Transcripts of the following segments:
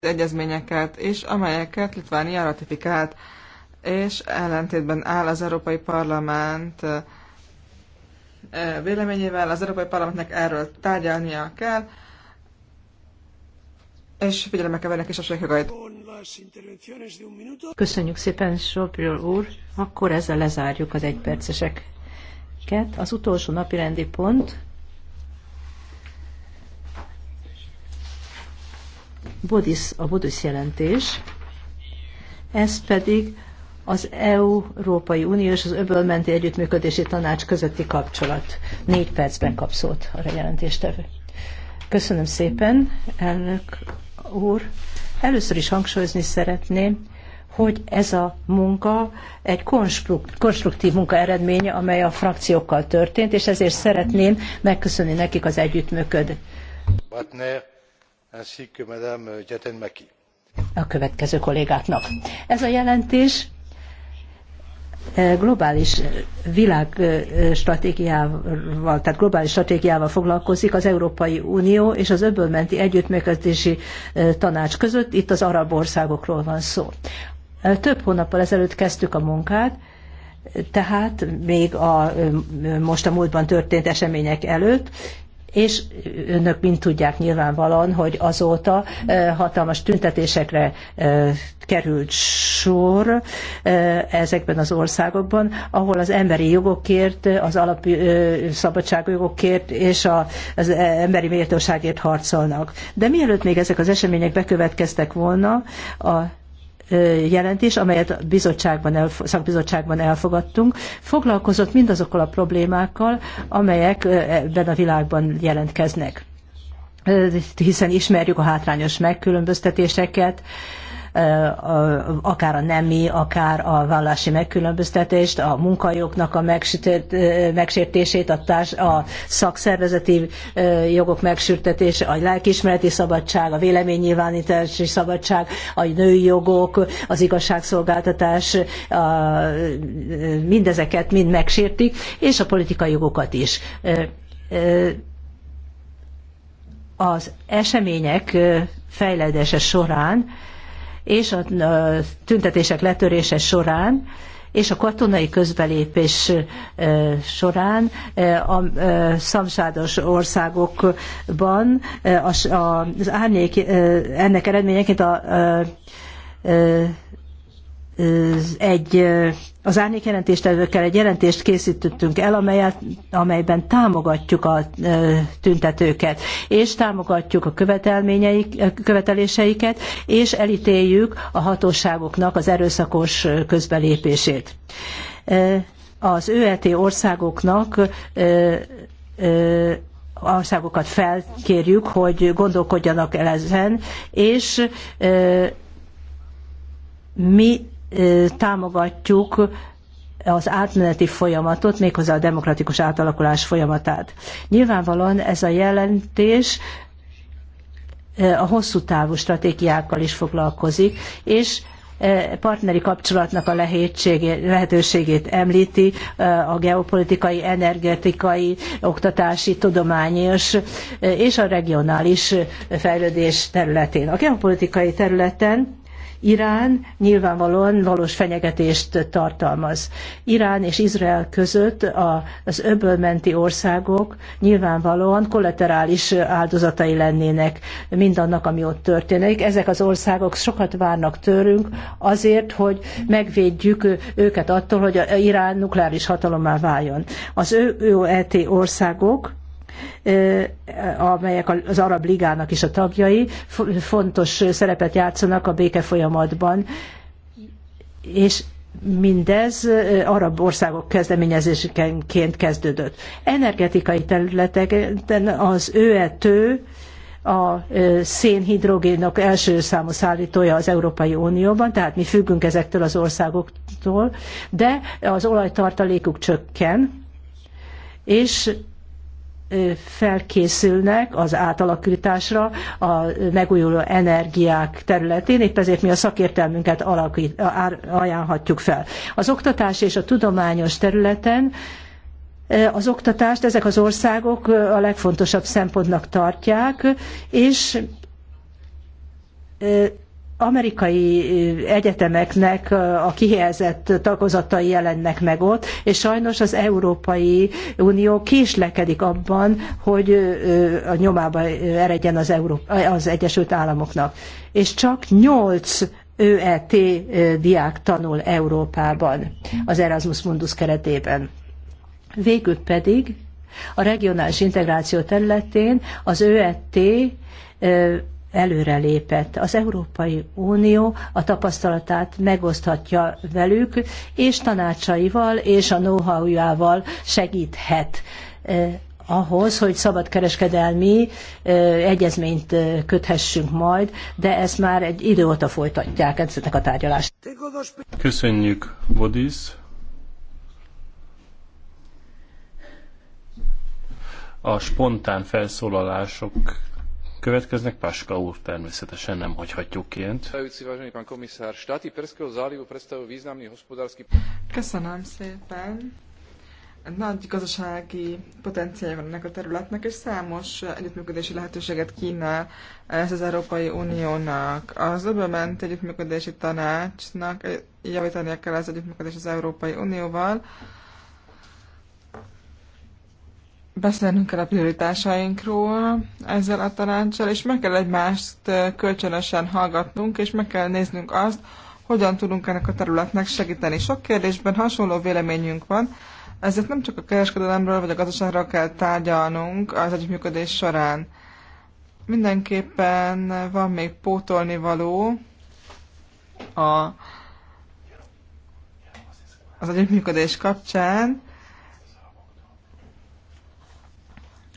egyezményeket is, amelyeket Litvánia ratifikált, és ellentétben áll az Európai Parlament véleményével, az Európai Parlamentnek erről tárgyalnia kell, és figyelemmel kell venni a kisebbségek jogait. Köszönjük szépen, Sopril úr. Akkor ezzel lezárjuk az egypercesek. Az utolsó napi rendi pont, Bodis, a Bodis jelentés, ez pedig az EU, Európai Unió és az Öbölmenti Együttműködési Tanács közötti kapcsolat. Négy percben kap szót a jelentéstevő. Köszönöm szépen, elnök úr. Először is hangsúlyozni szeretném, hogy ez a munka egy konstruktív munka eredménye, amely a frakciókkal történt, és ezért szeretném megköszönni nekik az együttműködést ainsi que Madame Jatenmaki. A következő kollégáknak. Ez a jelentés e, globális világstratégiával, e, tehát globális stratégiával foglalkozik az Európai Unió és az öbölmenti együttműködési e, tanács között. Itt az arab országokról van szó. Több hónappal ezelőtt kezdtük a munkát, tehát még a, most a múltban történt események előtt, és önök mind tudják nyilvánvalóan, hogy azóta hatalmas tüntetésekre került sor ezekben az országokban, ahol az emberi jogokért, az alapú szabadságjogokért és az emberi méltóságért harcolnak. De mielőtt még ezek az események bekövetkeztek volna, a jelentés, amelyet a bizottságban el, szakbizottságban elfogadtunk, foglalkozott mindazokkal a problémákkal, amelyek ebben a világban jelentkeznek. Hiszen ismerjük a hátrányos megkülönböztetéseket, akár a nemi, akár a vallási megkülönböztetést, a munkajognak a megsértését, a, társ, a szakszervezeti jogok megsértését, a lelkiismereti szabadság, a véleménynyilvánítási szabadság, a női jogok, az igazságszolgáltatás, a, mindezeket mind megsértik, és a politikai jogokat is. Az események fejledése során és a tüntetések letörése során és a katonai közbelépés során a szamsádos országokban az árnyék, ennek eredményeként a, egy az árnyék jelentéstevőkkel egy jelentést készítettünk el, amelyet, amelyben támogatjuk a tüntetőket, és támogatjuk a követelményeik, követeléseiket, és elítéljük a hatóságoknak az erőszakos közbelépését. Az ÖET országoknak országokat felkérjük, hogy gondolkodjanak el ezen, és mi támogatjuk az átmeneti folyamatot, méghozzá a demokratikus átalakulás folyamatát. Nyilvánvalóan ez a jelentés a hosszú távú stratégiákkal is foglalkozik, és partneri kapcsolatnak a lehetőségét említi, a geopolitikai, energetikai, oktatási, tudományos és a regionális fejlődés területén. A geopolitikai területen Irán nyilvánvalóan valós fenyegetést tartalmaz. Irán és Izrael között az menti országok nyilvánvalóan kollaterális áldozatai lennének mindannak, ami ott történik. Ezek az országok sokat várnak tőlünk azért, hogy megvédjük őket attól, hogy Irán nukleáris hatalommá váljon. Az ÖET országok amelyek az Arab Ligának is a tagjai, fontos szerepet játszanak a béke folyamatban, és mindez arab országok kezdeményezéseként kezdődött. Energetikai területeken az ÖETő a szénhidrogénok első számú szállítója az Európai Unióban, tehát mi függünk ezektől az országoktól, de az olajtartalékuk csökken, és felkészülnek az átalakításra a megújuló energiák területén, épp ezért mi a szakértelmünket alakít, ajánlhatjuk fel. Az oktatás és a tudományos területen az oktatást ezek az országok a legfontosabb szempontnak tartják, és amerikai egyetemeknek a kihelyezett tagozatai jelennek meg ott, és sajnos az Európai Unió késlekedik abban, hogy a nyomába eredjen az, Európa, az Egyesült Államoknak. És csak nyolc ÖET diák tanul Európában az Erasmus Mundus keretében. Végül pedig a regionális integráció területén az ÖET előrelépett. Az Európai Unió a tapasztalatát megoszthatja velük, és tanácsaival és a know-howjával segíthet eh, ahhoz, hogy szabadkereskedelmi eh, egyezményt eh, köthessünk majd, de ezt már egy idő óta folytatják, ezeknek a tárgyalást. Köszönjük, Bodis. A spontán felszólalások következnek, Paska úr természetesen nem hagyhatjuk kient. Köszönöm szépen. Nagy gazdasági potenciálja van ennek a területnek, és számos együttműködési lehetőséget kínál ez az Európai Uniónak. Az öbölment együttműködési tanácsnak javítania kell az együttműködés az Európai Unióval, beszélnünk kell a prioritásainkról ezzel a tanácssal, és meg kell egymást kölcsönösen hallgatnunk, és meg kell néznünk azt, hogyan tudunk ennek a területnek segíteni. Sok kérdésben hasonló véleményünk van, ezért nem csak a kereskedelemről vagy a gazdaságról kell tárgyalnunk az együttműködés során. Mindenképpen van még pótolni való a, az együttműködés kapcsán,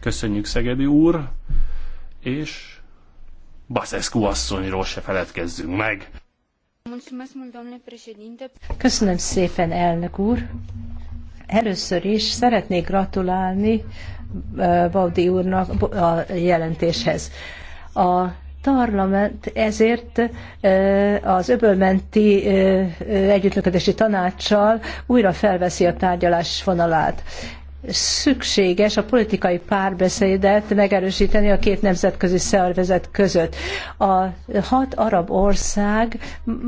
Köszönjük Szegedi úr, és Baszeszku asszonyról se feledkezzünk meg. Köszönöm szépen, elnök úr. Először is szeretnék gratulálni Baudi úrnak a jelentéshez. A parlament ezért az öbölmenti együttműködési tanácssal újra felveszi a tárgyalás vonalát szükséges a politikai párbeszédet megerősíteni a két nemzetközi szervezet között. A hat arab ország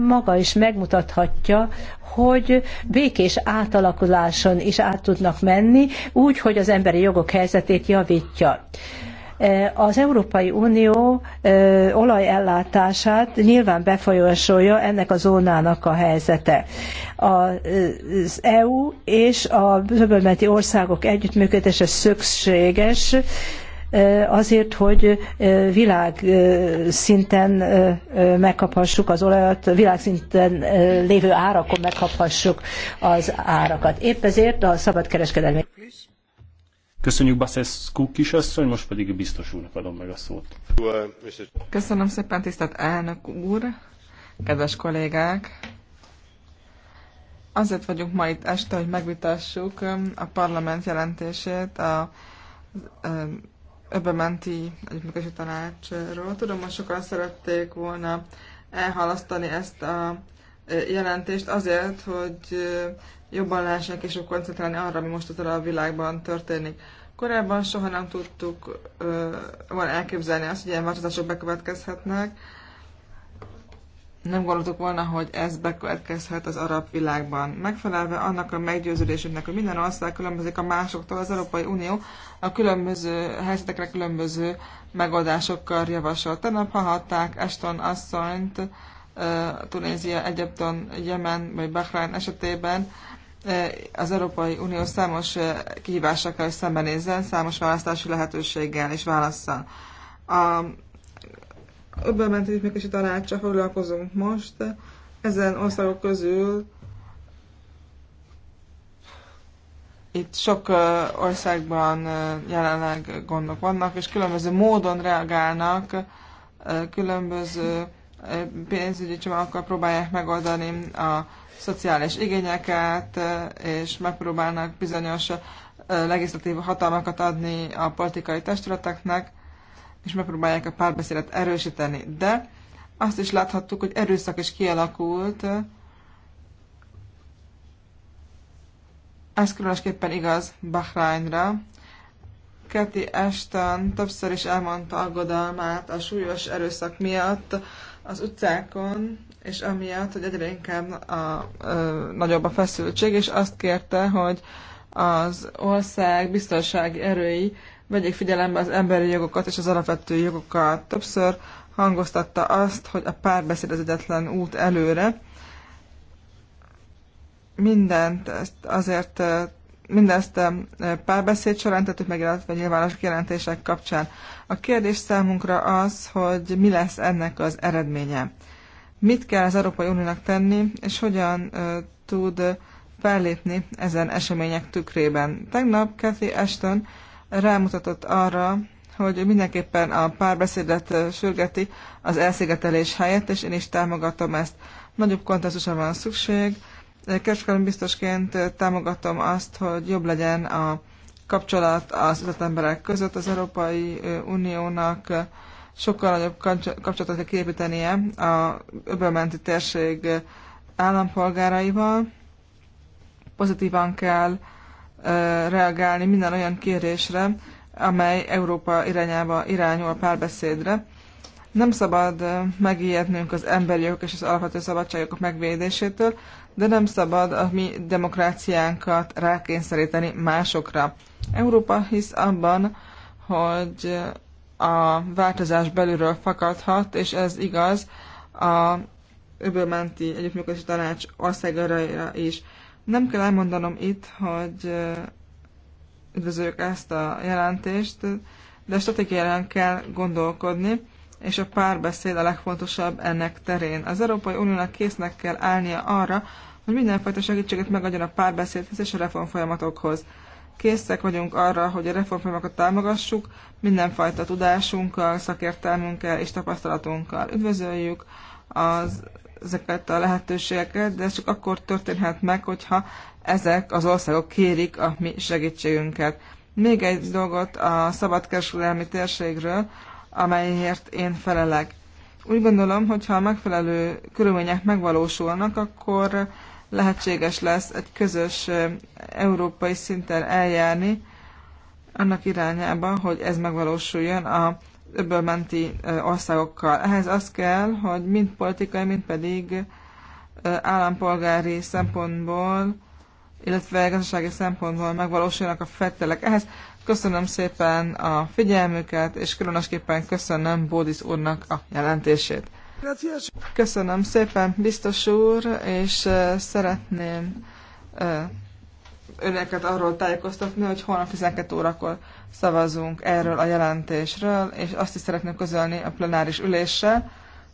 maga is megmutathatja, hogy békés átalakuláson is át tudnak menni, úgy, hogy az emberi jogok helyzetét javítja. Eh, az Európai Unió eh, olajellátását nyilván befolyásolja ennek a zónának a helyzete. Az EU és a öbölmenti országok együttműködése szükséges, eh, azért, hogy világszinten megkaphassuk az olajat, világszinten lévő árakon megkaphassuk az árakat. Épp ezért a szabadkereskedelmi Köszönjük Baszeszkú kisasszony, most pedig biztos úrnak adom meg a szót. Köszönöm szépen, tisztelt elnök úr, kedves kollégák! Azért vagyunk ma itt este, hogy megvitassuk um, a parlament jelentését a um, öbömenti együttműködési tanácsról. Tudom, hogy sokan szerették volna elhalasztani ezt a jelentést azért, hogy jobban lássák és koncentrálni arra, ami most a világban történik. Korábban soha nem tudtuk van elképzelni azt, hogy ilyen változások bekövetkezhetnek. Nem gondoltuk volna, hogy ez bekövetkezhet az arab világban. Megfelelve annak a meggyőződésünknek, hogy minden ország különbözik a másoktól, az Európai Unió a különböző helyzetekre különböző megoldásokkal javasol. Tegnap hallhatták Eston asszonyt, Tunézia, Egyiptom, Jemen vagy Bahrain esetében az Európai Unió számos kihívásokkal is szembenézzen, számos választási lehetőséggel és válaszsal. A öbben menti tanácsa foglalkozunk most. Ezen országok közül itt sok országban jelenleg gondok vannak, és különböző módon reagálnak, különböző pénzügyi csomagokkal próbálják megoldani a szociális igényeket, és megpróbálnak bizonyos legislatív hatalmakat adni a politikai testületeknek, és megpróbálják a párbeszédet erősíteni. De azt is láthattuk, hogy erőszak is kialakult. Ez különösképpen igaz Bahrainra. Kati Ashton többször is elmondta aggodalmát a súlyos erőszak miatt az utcákon, és amiatt, hogy egyre inkább a, a, a, nagyobb a feszültség, és azt kérte, hogy az ország biztonsági erői vegyék figyelembe az emberi jogokat és az alapvető jogokat. Többször hangoztatta azt, hogy a párbeszéd az egyetlen út előre. Mindent ezt azért mindezt párbeszéd során tehát meg, illetve nyilvános jelentések kapcsán. A kérdés számunkra az, hogy mi lesz ennek az eredménye. Mit kell az Európai Uniónak tenni, és hogyan tud fellépni ezen események tükrében. Tegnap Kathy Ashton rámutatott arra, hogy mindenképpen a párbeszédet sürgeti az elszigetelés helyett, és én is támogatom ezt. Nagyobb kontextusra van szükség, Kereskedelmi biztosként támogatom azt, hogy jobb legyen a kapcsolat az üzletemberek között. Az Európai Uniónak sokkal nagyobb kapcsolatot kell kiépítenie a öbölmenti térség állampolgáraival. Pozitívan kell reagálni minden olyan kérésre, amely Európa irányába irányul a párbeszédre. Nem szabad megijednünk az emberi jogok és az alapvető szabadságok megvédésétől, de nem szabad a mi demokráciánkat rákényszeríteni másokra. Európa hisz abban, hogy a változás belülről fakadhat, és ez igaz a öbölmenti együttműködési tanács országaira is. Nem kell elmondanom itt, hogy üdvözöljük ezt a jelentést, de stratégiáján kell gondolkodni, és a párbeszéd a legfontosabb ennek terén. Az Európai Uniónak késznek kell állnia arra, hogy mindenfajta segítséget megadjon a párbeszédhez és a reformfolyamatokhoz. Készek vagyunk arra, hogy a reformfolyamatokat támogassuk mindenfajta tudásunkkal, szakértelmünkkel és tapasztalatunkkal. Üdvözöljük az, ezeket a lehetőségeket, de ez csak akkor történhet meg, hogyha ezek az országok kérik a mi segítségünket. Még egy dolgot a szabadkereskedelmi térségről amelyért én felelek. Úgy gondolom, hogy ha a megfelelő körülmények megvalósulnak, akkor lehetséges lesz egy közös európai szinten eljárni annak irányába, hogy ez megvalósuljon a öbölmenti országokkal. Ehhez az kell, hogy mind politikai, mind pedig állampolgári szempontból, illetve gazdasági szempontból megvalósuljanak a fettelek. Ehhez Köszönöm szépen a figyelmüket, és különösképpen köszönöm Bódis úrnak a jelentését. Köszönöm szépen, biztos úr, és szeretném önöket arról tájékoztatni, hogy holnap 12 órakor szavazunk erről a jelentésről, és azt is szeretném közölni a plenáris ülésre,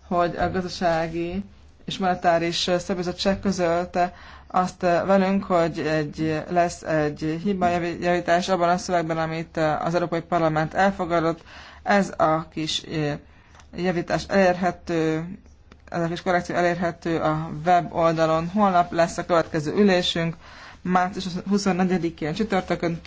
hogy a gazdasági és monetáris szabizottság közölte azt eh, velünk, hogy egy, eh, lesz egy hibajavítás abban a szövegben, amit eh, az Európai Parlament elfogadott. Ez a kis javítás elérhető, ez a kis korrekció elérhető a web oldalon. Holnap lesz a következő ülésünk, március 24-én csütörtökön